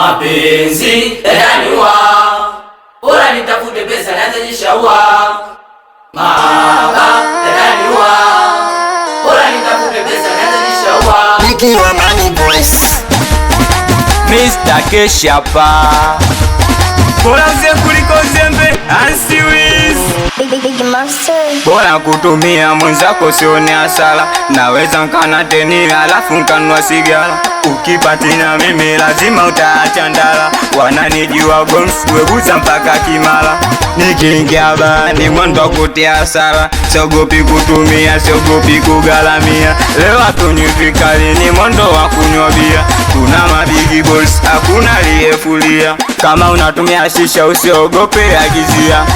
mapenzi yaniua, bora nitafute pesa nianze jishaua. mama yaniua, bora nitafute pesa nianze jishaua. Nikiwa Money Boys Mr. Keshapa pa bora mzee kuliko zembe ansiwisi Bora kutumia mwenzako sione hasara, naweza nkana teni alafu nkanwa sigara ukipatina mimi lazima ndala wananijua gomsi weguza mpaka Kimara, nikiingia bani mwendo kutia sara, siogopi kutumia, siogopi kugalamia, leo atunifikali ni mwendo wa kunywa bia, tuna mabigi bols, hakuna liyefulia, kama unatumia shisha usiogope agizia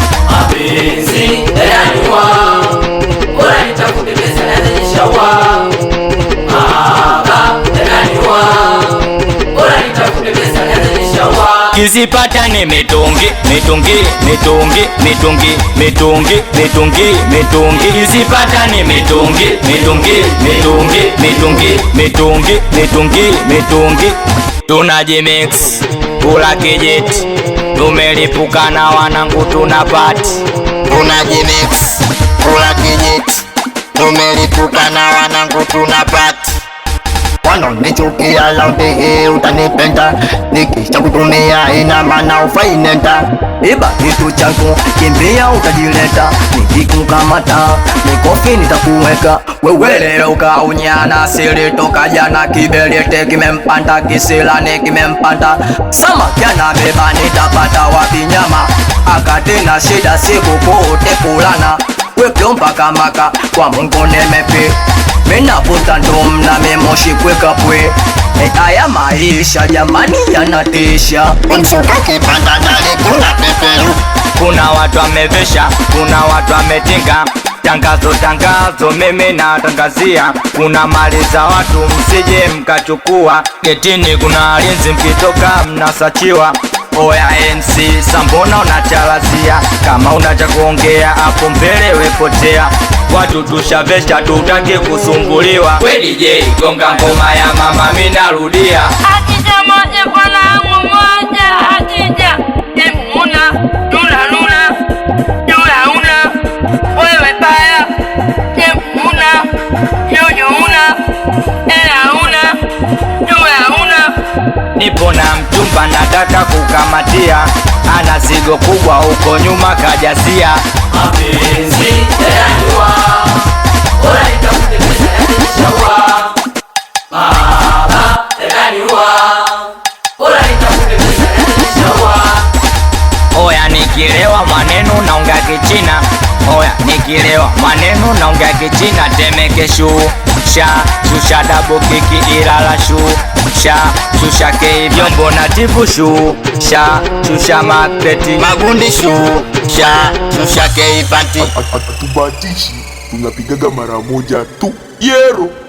Nisipatane mitungi mitungi mitungi mitungi mitungi mitungi mitungi nisipatane mitungi mitungi mitungi mitungi mitungi mitungi mitungi tunajimix kula kijiti tumelipuka na wanangu tunapati tunajimix kula kijiti tumelipuka na wanangu tunapati mfano nichukia lambihi eh, utanipenda kutumia ina maana ufai nenda iba kitu changu kimbia utajileta nikikukamata mikofi nitakuweka wewe leo kaunyana siri toka jana kiberete kimempanda kisilani kimempanda samaki beba nitapata wapi nyama akati na shida siku kuute kulana wepyo mpaka maka kwa Mungu nimepi Mena posta ndom na memoshi kweka pwe. Haya maisha jamani yanatesha, kuna watu amevesha kuna watu ametinga. Tangazo tangazo, mimi tangazia kuna mali za watu msije mkachukua. Getini kuna alinzi mkitoka mnasachiwa oya ya NC. Sambona unacharazia kama unacha kuongea hapo mbele wepotea, watu tushavesha, tutake kusumbuliwa. We DJ gonga ngoma ya mama, minarudia akija moja nipo na mchumba nataka kukamatia, ana zigo kubwa huko nyuma kajazia mapenzi yangu Nikilewa maneno naongea Kichina, oya, nikilewa maneno naongea Kichina, temeke shuu susha shusha, dabo kiki ilala shusha shusha, kei vyombo na tibu shusha shusha, mapeti magundi shusha shusha, kei panti. Hatubatishi, tunapigaga mara moja tu yero